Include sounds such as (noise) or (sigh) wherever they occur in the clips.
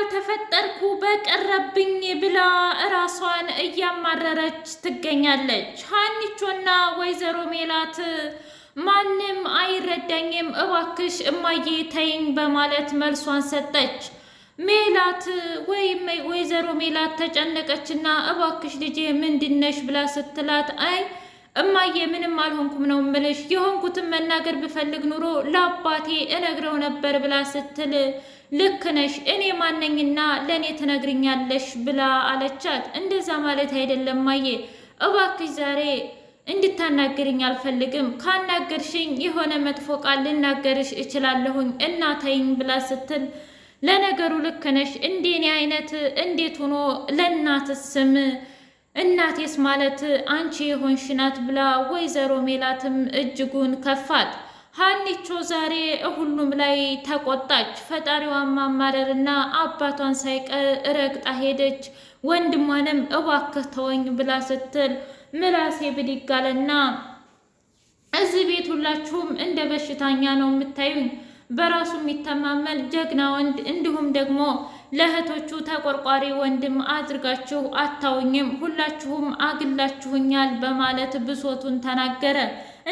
ባልተፈጠርኩ በቀረብኝ ብላ እራሷን እያማረረች ትገኛለች። ሀኒቾና ወይዘሮ ሜላት ማንም አይረዳኝም፣ እባክሽ እማዬ ተይኝ በማለት መልሷን ሰጠች። ሜላት ወይም ወይዘሮ ሜላት ተጨነቀችና እባክሽ ልጄ ምንድነሽ ብላ ስትላት አይ እማዬ ምንም አልሆንኩም ነው ምልሽ የሆንኩትን መናገር ብፈልግ ኑሮ ለአባቴ እነግረው ነበር ብላ ስትል ልክ ነሽ፣ እኔ ማነኝና ለእኔ ትነግርኛለሽ ብላ አለቻት። እንደዛ ማለት አይደለም እማዬ፣ እባክሽ ዛሬ እንድታናገርኝ አልፈልግም። ካናገርሽኝ የሆነ መጥፎ ቃል ልናገርሽ እችላለሁኝ እና ተይኝ ብላ ስትል ለነገሩ ልክ ነሽ፣ እንደኔ አይነት እንዴት ሆኖ ለእናት ስም እናቴስ ማለት አንቺ የሆንሽ ናት ብላ ወይዘሮ ሜላትም እጅጉን ከፋት። ሀኒቾ ዛሬ ሁሉም ላይ ተቆጣች። ፈጣሪዋን ማማረርና አባቷን ሳይቀር ረግጣ ሄደች። ወንድሟንም እባክህ ተወኝ ብላ ስትል ምላሴ ብድግ አለና እዚህ ቤት ሁላችሁም እንደ በሽተኛ ነው የምታዩኝ። በራሱ የሚተማመን ጀግና ወንድ እንዲሁም ደግሞ ለእህቶቹ ተቆርቋሪ ወንድም አድርጋችሁ አታውኝም፣ ሁላችሁም አግላችሁኛል በማለት ብሶቱን ተናገረ።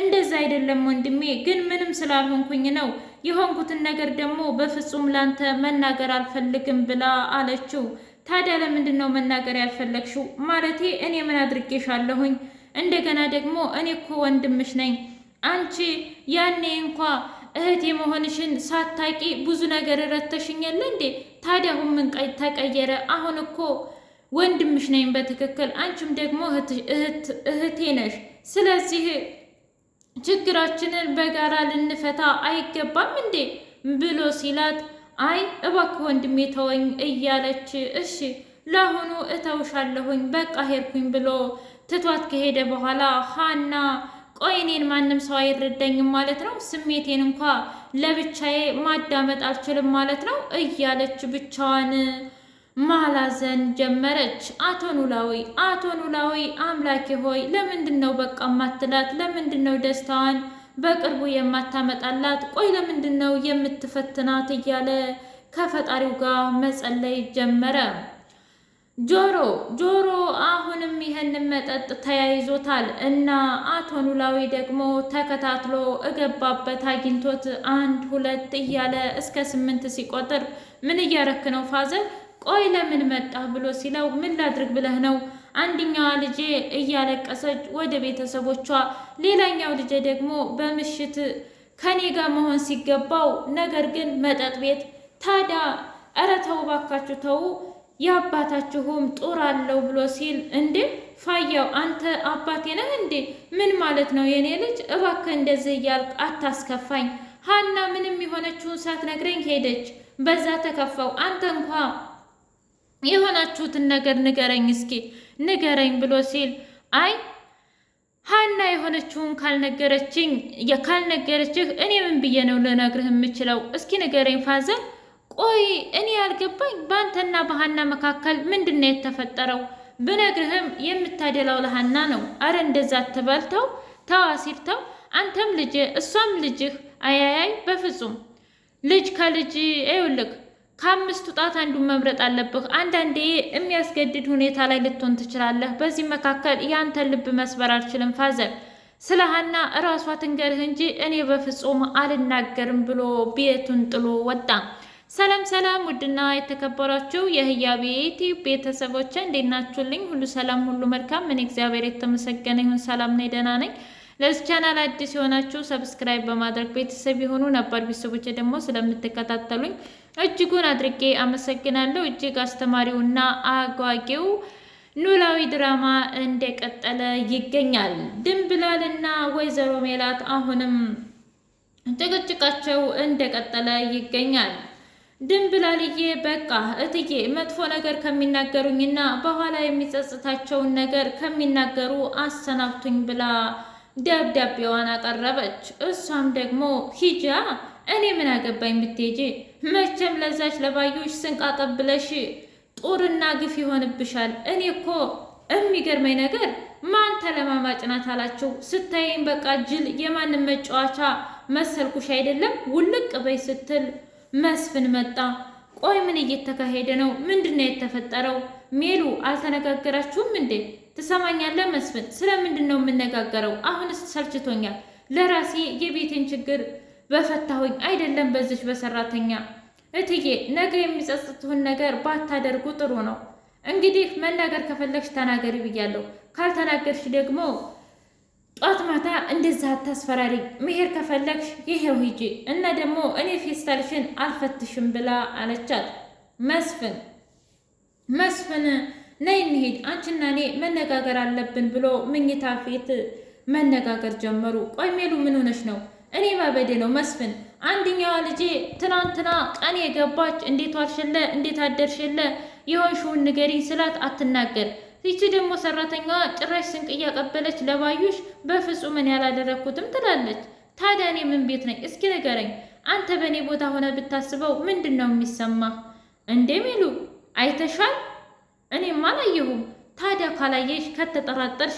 እንደዛ አይደለም ወንድሜ፣ ግን ምንም ስላልሆንኩኝ ነው የሆንኩትን ነገር ደግሞ በፍጹም ላንተ መናገር አልፈልግም ብላ አለችው። ታዲያ ለምንድን ነው መናገር ያልፈለግሽው? ማለቴ እኔ ምን አድርጌሻለሁኝ? እንደገና ደግሞ እኔ እኮ ወንድምሽ ነኝ። አንቺ ያኔ እንኳ እህት የመሆንሽን ሳታቂ ብዙ ነገር ረተሽኛለ እንዴ? ታዲያ አሁን ምን ተቀየረ? አሁን እኮ ወንድምሽ ነኝ በትክክል አንቺም ደግሞ እህቴ ነሽ። ስለዚህ ችግራችንን በጋራ ልንፈታ አይገባም እንዴ ብሎ ሲላት፣ አይ እባክህ ወንድሜ ተወኝ እያለች እሺ ለአሁኑ እተውሻለሁኝ በቃ ሄድኩኝ ብሎ ትቷት ከሄደ በኋላ ሀና ቆይ እኔን ማንም ሰው አይረዳኝም ማለት ነው፣ ስሜቴን እንኳ ለብቻዬ ማዳመጥ አልችልም ማለት ነው እያለች ብቻዋን ማላዘን ጀመረች። አቶ ኖላዊ አቶ ኖላዊ አምላኬ ሆይ ለምንድን ነው በቃ ማትላት? ለምንድን ነው ደስታዋን በቅርቡ የማታመጣላት? ቆይ ለምንድን ነው የምትፈትናት? እያለ ከፈጣሪው ጋር መጸለይ ጀመረ። ጆሮ ጆሮ አሁንም ይህንን መጠጥ ተያይዞታል እና አቶ ኖላዊ ደግሞ ተከታትሎ እገባበት አግኝቶት አንድ ሁለት እያለ እስከ ስምንት ሲቆጥር ምን እያረክ ነው ፋዘር? ቆይ ለምን መጣህ ብሎ ሲለው ምን ላድርግ ብለህ ነው? አንደኛዋ ልጄ እያለቀሰች ወደ ቤተሰቦቿ፣ ሌላኛው ልጄ ደግሞ በምሽት ከኔ ጋር መሆን ሲገባው ነገር ግን መጠጥ ቤት። ታዲያ እረ ተው እባካችሁ ተው የአባታችሁም ጦር አለው ብሎ ሲል እንዴ ፋያው አንተ አባቴ ነህ እንዴ? ምን ማለት ነው የኔ ልጅ? እባክህ እንደዚህ እያልክ አታስከፋኝ። ሀና ምንም የሆነችውን ሳትነግረኝ ሄደች። በዛ ተከፋው። አንተ እንኳ የሆናችሁትን ነገር ንገረኝ እስኪ ንገረኝ ብሎ ሲል አይ ሀና የሆነችውን ካልነገረችኝ ካልነገረችህ እኔ ምን ብዬ ነው ልነግርህ የምችለው? እስኪ ንገረኝ ፋዘን ቆይ እኔ ያልገባኝ በአንተና በሀና መካከል ምንድን ነው የተፈጠረው? ብነግርህም የምታደላው ለሀና ነው። አረ እንደዛ አትበልተው ተዋሲርተው አንተም ልጅ እሷም ልጅህ። አያያይ በፍጹም ልጅ ከልጅ ይውልቅ ከአምስቱ ጣት አንዱ መምረጥ አለብህ። አንዳንዴ የሚያስገድድ ሁኔታ ላይ ልትሆን ትችላለህ። በዚህ መካከል የአንተን ልብ መስበር አልችልም። ፋዘር ስለ ሀና እራሷ ትንገርህ እንጂ እኔ በፍጹም አልናገርም ብሎ ቤቱን ጥሎ ወጣ። ሰላም ሰላም፣ ውድና የተከበራችሁ የህያቤ ዩቲዩብ ቤተሰቦች እንዴት ናችሁልኝ? ሁሉ ሰላም፣ ሁሉ መልካም። ምን እግዚአብሔር የተመሰገነ ይሁን። ሰላም ነኝ፣ ደህና ነኝ። ለዚህ ቻናል አዲስ የሆናችሁ ሰብስክራይብ በማድረግ ቤተሰብ የሆኑ ነባር ቤተሰቦች ደግሞ ስለምትከታተሉኝ እጅጉን አድርጌ አመሰግናለሁ። እጅግ አስተማሪውና አጓጊው ኖላዊ ድራማ እንደቀጠለ ይገኛል። ድንብላልና ወይዘሮ ሜላት አሁንም ጭቅጭቃቸው እንደቀጠለ ይገኛል። ድንብላልዬ በቃ እትዬ መጥፎ ነገር ከሚናገሩኝና በኋላ የሚጸጽታቸውን ነገር ከሚናገሩ አሰናብቱኝ ብላ ደብዳቤዋን አቀረበች። እሷም ደግሞ ሂጃ እኔ ምን አገባኝ ብትሄጂ፣ መቼም ለዛች ለባዩሽ ስንቅ አቀብለሽ ጦርና ግፍ ይሆንብሻል። እኔ እኮ የሚገርመኝ ነገር ማን ተለማማጭ ናት አላችሁ? ስታየኝ በቃ ጅል፣ የማንም መጫወቻ መሰልኩሽ አይደለም ውልቅ በይ ስትል መስፍን መጣ። ቆይ ምን እየተካሄደ ነው? ምንድን ነው የተፈጠረው? ሜሉ አልተነጋገራችሁም እንዴ? ትሰማኛለህ መስፍን፣ ስለምንድን ነው የምነጋገረው? አሁንስ ሰልችቶኛል። ለራሴ የቤቴን ችግር በፈታሁኝ አይደለም በዚች በሰራተኛ እትዬ። ነገ የሚጸጽትሁን ነገር ባታደርጉ ጥሩ ነው። እንግዲህ መናገር ከፈለግሽ ተናገሪ ብያለሁ። ካልተናገርሽ ደግሞ ጧት ማታ እንደዛ አታስፈራሪኝ። መሄድ ከፈለግሽ ይሄው ሂጂ እና ደግሞ እኔ ፌስታልሽን አልፈትሽም ብላ አለቻት። መስፍን መስፍን ነይ እንሂድ፣ አንቺና እኔ መነጋገር አለብን ብሎ ምኝታ ፊት መነጋገር ጀመሩ። ቆይ ሜሉ ምን ሆነሽ ነው? እኔ ማበዴ ነው መስፍን። አንድኛዋ ልጄ ትናንትና ቀን የገባች እንዴት ዋልሽለ፣ እንዴት አደርሽለ፣ የሆንሽውን ንገሪኝ ስላት አትናገር ይቺ ደግሞ ሰራተኛዋ ጭራሽ ስንቅ እያቀበለች ለባዩሽ በፍጹም እኔ ያላደረግኩትም ትላለች። ታዲያ እኔ ምን ቤት ነኝ? እስኪ ንገረኝ አንተ በእኔ ቦታ ሆነ ብታስበው ምንድን ነው የሚሰማ? እንዴ ሚሉ አይተሻል? እኔም አላየሁም። ታዲያ ካላየሽ ከተጠራጠርሽ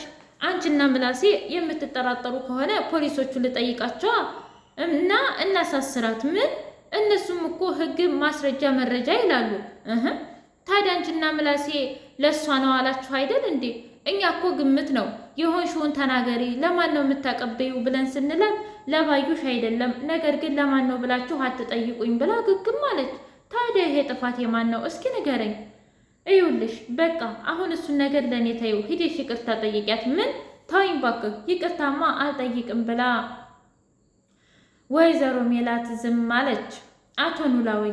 አንቺና ምላሴ የምትጠራጠሩ ከሆነ ፖሊሶቹን ልጠይቃቸዋ እና እናሳስራት። ምን እነሱም እኮ ህግ ማስረጃ መረጃ ይላሉ። ታዲያ አንቺና ምላሴ ለእሷ ነው አላችሁ አይደል እንዴ? እኛ እኮ ግምት ነው የሆንሽውን ተናገሪ፣ ለማን ነው የምታቀበዩ ብለን ስንላት ለባዩሽ አይደለም ነገር ግን ለማን ነው ብላችሁ አትጠይቁኝ ብላ ግግም አለች። ታዲያ ይሄ ጥፋት የማን ነው? እስኪ ንገረኝ። እዩልሽ፣ በቃ አሁን እሱን ነገር ለእኔ ተይው፣ ሂደሽ ይቅርታ ጠይቂያት። ምን ታይም ባክህ፣ ይቅርታማ አልጠይቅም ብላ ወይዘሮ ሜላት ዝም አለች። አቶ ኖላዊ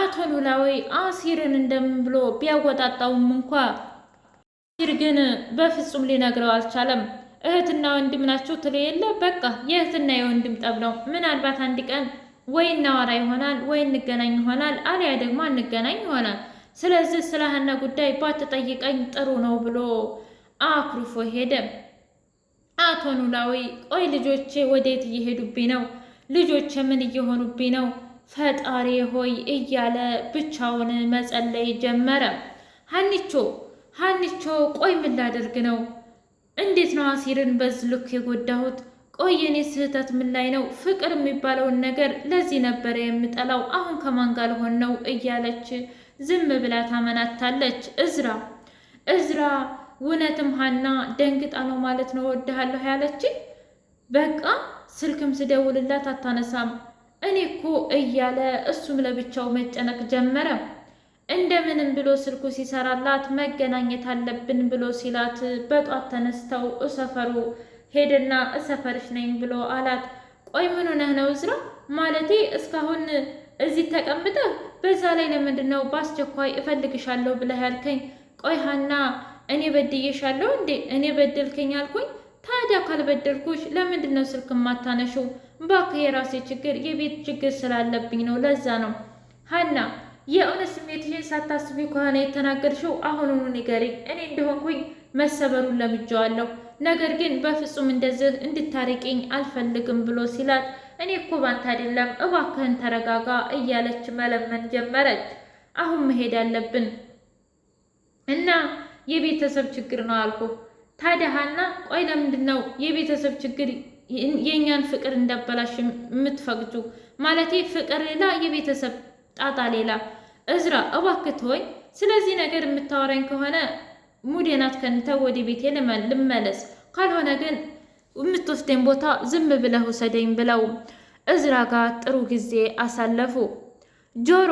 አቶ ኖላዊ አሲርን እንደምን ብሎ ቢያወጣጣውም እንኳ አሲር ግን በፍጹም ሊነግረው አልቻለም። እህትና ወንድም ናቸው ትል የለ በቃ የእህትና የወንድም ጠብ ነው። ምናልባት አንድ ቀን ወይ እናወራ ይሆናል ወይ እንገናኝ ይሆናል፣ አሊያ ደግሞ አንገናኝ ይሆናል። ስለዚህ ስለ ሀና ጉዳይ ባትጠይቀኝ ጥሩ ነው ብሎ አኩርፎ ሄደ። አቶ ኖላዊ ቆይ ልጆቼ ወዴት እየሄዱብኝ ነው? ልጆቼ ምን እየሆኑብኝ ነው? ፈጣሪ ሆይ እያለ ብቻውን መጸለይ ጀመረ። ሀኒቾ ሀኒቾ ቆይ ምን ላደርግ ነው? እንዴት ነው አሲርን በዚህ ልክ የጎዳሁት? ቆይ የኔ ስህተት ምን ላይ ነው? ፍቅር የሚባለውን ነገር ለዚህ ነበረ የምጠላው። አሁን ከማን ጋር ልሆን ነው? እያለች ዝም ብላ ታመናታለች። እዝራ እዝራ እውነትም ሀና ደንግጣ ነው ማለት ነው ወድሃለሁ ያለች። በቃ ስልክም ስደውልላት አታነሳም። እኔ እኮ እያለ እሱም ለብቻው መጨነቅ ጀመረ። እንደምንም ብሎ ስልኩ ሲሰራላት መገናኘት አለብን ብሎ ሲላት በጧት ተነስተው እሰፈሩ ሄደና እሰፈርሽ ነኝ ብሎ አላት። ቆይ ምን ሆነህ ነው እዝራ? ማለቴ እስካሁን እዚህ ተቀምጠ፣ በዛ ላይ ለምንድን ነው በአስቸኳይ እፈልግሻለሁ ብለህ ያልከኝ? ቆይ ሀና፣ እኔ በድዬሻለሁ እንዴ? እኔ በደልከኝ አልኩኝ ካልበደልኩሽ ለምንድን ነው ስልክ የማታነሺው? እባክህ የራሴ ችግር የቤት ችግር ስላለብኝ ነው። ለዛ ነው ሀና የእውነት ስሜትሽን ሳታስቢ ከሆነ የተናገርሽው አሁኑኑ ንገሪኝ። እኔ እንደሆንኩኝ መሰበሩን ለምጄዋለሁ። ነገር ግን በፍጹም እንደዚህ እንድታርቂኝ አልፈልግም ብሎ ሲላት እኔ እኮ ባንተ አይደለም እባክህን ተረጋጋ እያለች መለመን ጀመረች። አሁን መሄድ አለብን እና የቤተሰብ ችግር ነው አልኩ ታዲያ ሀና ቆይ ለምንድን ነው የቤተሰብ ችግር የእኛን ፍቅር እንዳበላሽ የምትፈቅጁ? ማለቴ ፍቅር ሌላ የቤተሰብ ጣጣ ሌላ። እዝራ እባክት ሆይ ስለዚህ ነገር የምታወራኝ ከሆነ ሙዴናት ከንተ ወደ ቤቴ ልመለስ፣ ካልሆነ ግን የምትወስደኝ ቦታ ዝም ብለህ ውሰደኝ ብለው እዝራ ጋር ጥሩ ጊዜ አሳለፉ። ጆሮ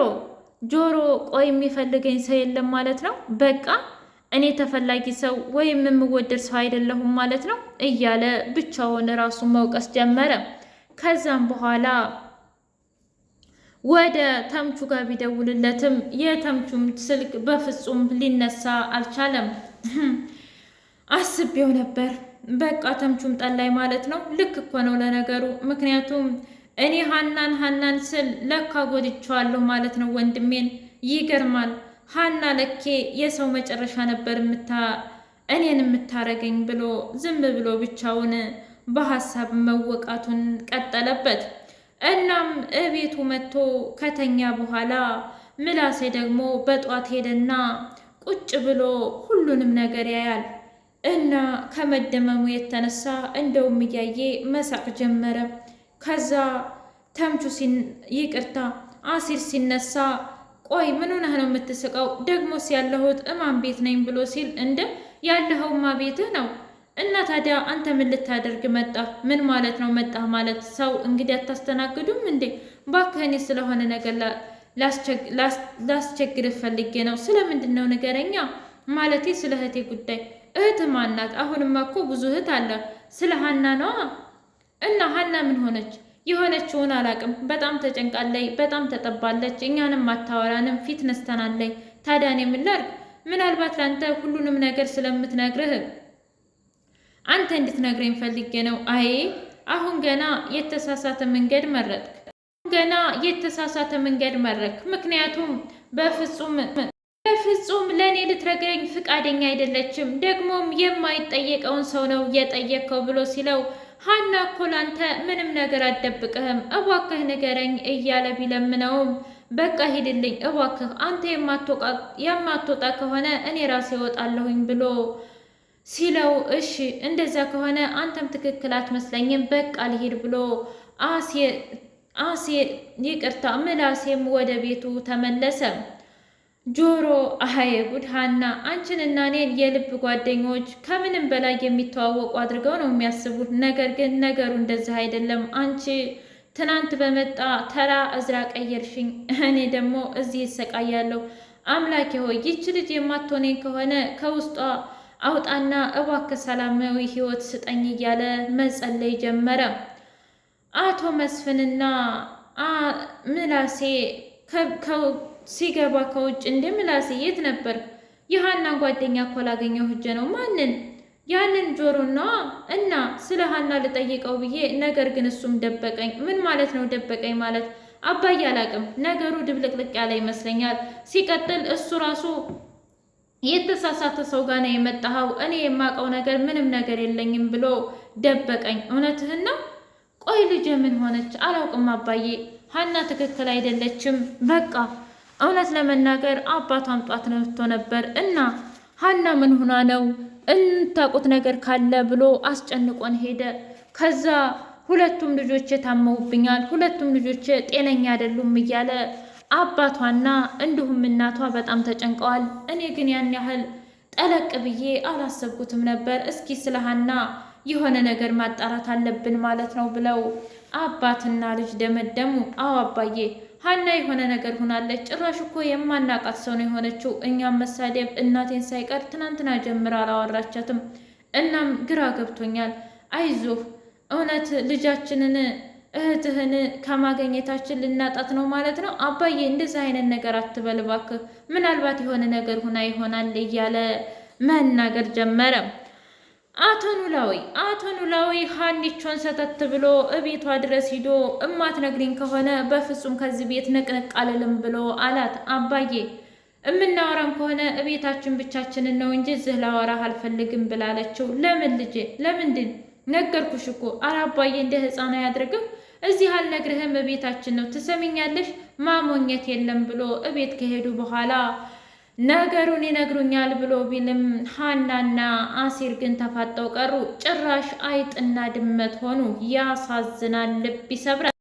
ጆሮ ቆይ የሚፈልገኝ ሰው የለም ማለት ነው በቃ እኔ ተፈላጊ ሰው ወይም የምወደድ ሰው አይደለሁም ማለት ነው እያለ ብቻውን ራሱ መውቀስ ጀመረ። ከዛም በኋላ ወደ ተምቹ ጋር ቢደውልለትም የተምቹም ስልክ በፍጹም ሊነሳ አልቻለም። (clears throat) አስቤው ነበር በቃ ተምቹም ጠላይ ማለት ነው። ልክ እኮ ነው ለነገሩ። ምክንያቱም እኔ ሀናን ሀናን ስል ለካ ጎድቼዋለሁ ማለት ነው ወንድሜን። ይገርማል ሀና ለኬ የሰው መጨረሻ ነበር ምታ እኔን የምታረገኝ ብሎ ዝም ብሎ ብቻውን በሀሳብ መወቃቱን ቀጠለበት። እናም እቤቱ መጥቶ ከተኛ በኋላ ምላሴ ደግሞ በጧት ሄደና ቁጭ ብሎ ሁሉንም ነገር ያያል እና ከመደመሙ የተነሳ እንደውም እያየ መሳቅ ጀመረ። ከዛ ተምቹ ይቅርታ አሲር ሲነሳ ቆይ ምን ሆነህ ነው የምትስቀው? ደግሞስ ያለሁት እማን ቤት ነኝ ብሎ ሲል እንደ ያለኸውማ ቤትህ ነው። እና ታዲያ አንተ ምን ልታደርግ መጣ? ምን ማለት ነው መጣህ ማለት? ሰው እንግዲህ አታስተናግዱም እንዴ? እባክህ ስለሆነ ነገር ላስቸግር ፈልጌ ነው። ስለምንድን ነው ንገረኛ። ማለቴ ስለ እህቴ ጉዳይ። እህት ማናት? አሁንማ እኮ ብዙ እህት አለ። ስለ ሀና ነዋ። እና ሀና ምን ሆነች? የሆነችውን አላቅም። በጣም ተጨንቃለይ፣ በጣም ተጠባለች፣ እኛንም አታወራንም፣ ፊት ነስተናለይ። ታዲያ እኔ ምን ላድርግ? ምናልባት ለአንተ ሁሉንም ነገር ስለምትነግርህ አንተ እንድትነግረኝ ፈልጌ ነው። አይ አሁን ገና የተሳሳተ መንገድ መረጥክ፣ ገና የተሳሳተ መንገድ መረጥክ። ምክንያቱም በፍጹም በፍጹም ለእኔ ልትነግረኝ ፍቃደኛ አይደለችም። ደግሞም የማይጠየቀውን ሰው ነው የጠየቀው ብሎ ሲለው ሀና እኮ ላንተ ምንም ነገር አደብቅህም እባክህ ንገረኝ እያለ ቢለምነውም በቃ ሂድልኝ እባክህ አንተ የማትወጣ ከሆነ እኔ ራሴ እወጣለሁኝ ብሎ ሲለው እሺ እንደዛ ከሆነ አንተም ትክክል አትመስለኝም፣ በቃ ልሂድ ብሎ አሴ ይቅርታ ምላሴም ወደ ቤቱ ተመለሰ። ጆሮ አሀየ ጉድ ሀና አንቺን እና እኔን የልብ ጓደኞች ከምንም በላይ የሚተዋወቁ አድርገው ነው የሚያስቡት። ነገር ግን ነገሩ እንደዚህ አይደለም። አንቺ ትናንት በመጣ ተራ እዝራ ቀየርሽኝ፣ እኔ ደግሞ እዚህ ይሰቃያለሁ። አምላኬ ሆይ ይቺ ልጅ የማትሆነኝ ከሆነ ከውስጧ አውጣና እባክህ ሰላማዊ ሕይወት ስጠኝ እያለ መጸለይ ጀመረ። አቶ መስፍንና ምላሴ! ሲገባ ከውጭ እንደ የት ነበር? የሀና ጓደኛ እኮ ላገኘው ህጀ ነው። ማንን? ያንን ጆሮና እና ስለ ሀና ልጠይቀው ብዬ ነገር ግን እሱም ደበቀኝ። ምን ማለት ነው ደበቀኝ ማለት? አባዬ አላቅም። ነገሩ ድብልቅልቅ ያለ ይመስለኛል። ሲቀጥል እሱ ራሱ የተሳሳተ ሰው ጋር ነው የመጣኸው፣ እኔ የማውቀው ነገር ምንም ነገር የለኝም ብሎ ደበቀኝ። እውነትህን ነው? ቆይ ልጄ ምን ሆነች? አላውቅም አባዬ። ሀና ትክክል አይደለችም። በቃ እውነት ለመናገር አባቷም ጧት ነብቶ ነበር እና ሀና ምን ሆና ነው እንታቁት ነገር ካለ ብሎ አስጨንቆን ሄደ። ከዛ ሁለቱም ልጆቼ ታመውብኛል፣ ሁለቱም ልጆቼ ጤነኛ አይደሉም እያለ አባቷና እንዲሁም እናቷ በጣም ተጨንቀዋል። እኔ ግን ያን ያህል ጠለቅ ብዬ አላሰብኩትም ነበር። እስኪ ስለ ሀና የሆነ ነገር ማጣራት አለብን ማለት ነው ብለው አባትና ልጅ ደመደሙ። አዎ አባዬ ሀና የሆነ ነገር ሆናለች። ጭራሽ እኮ የማናቃት ሰው ነው የሆነችው። እኛም መሳደብ እናቴን ሳይቀር ትናንትና ጀምራ አላወራቻትም። እናም ግራ ገብቶኛል። አይዞህ፣ እውነት ልጃችንን እህትህን ከማገኘታችን ልናጣት ነው ማለት ነው። አባዬ እንደዚህ አይነት ነገር አትበልባክ ምናልባት የሆነ ነገር ሁና ይሆናል እያለ መናገር ጀመረ። አቶ ኖላዊ አቶ ኖላዊ ሀንቾን ሰተት ብሎ እቤቷ ድረስ ሂዶ እማትነግሪኝ ከሆነ በፍጹም ከዚህ ቤት ንቅንቅ አልልም ብሎ አላት። አባዬ እምናወራም ከሆነ እቤታችን ብቻችንን ነው እንጂ እዚህ ላወራህ አልፈልግም ብላለችው። ለምን ልጄ? ለምንድን ነገርኩሽ እኮ አረ አባዬ እንደ ህፃን አያድርግም። እዚህ አልነግርህም፣ እቤታችን ነው ትሰሚኛለሽ? ማሞኘት የለም ብሎ እቤት ከሄዱ በኋላ ነገሩን ይነግሩኛል ብሎ ቢልም ሀናና አሲር ግን ተፋጠው ቀሩ። ጭራሽ አይጥና ድመት ሆኑ። ያሳዝናል፣ ልብ ይሰብራል።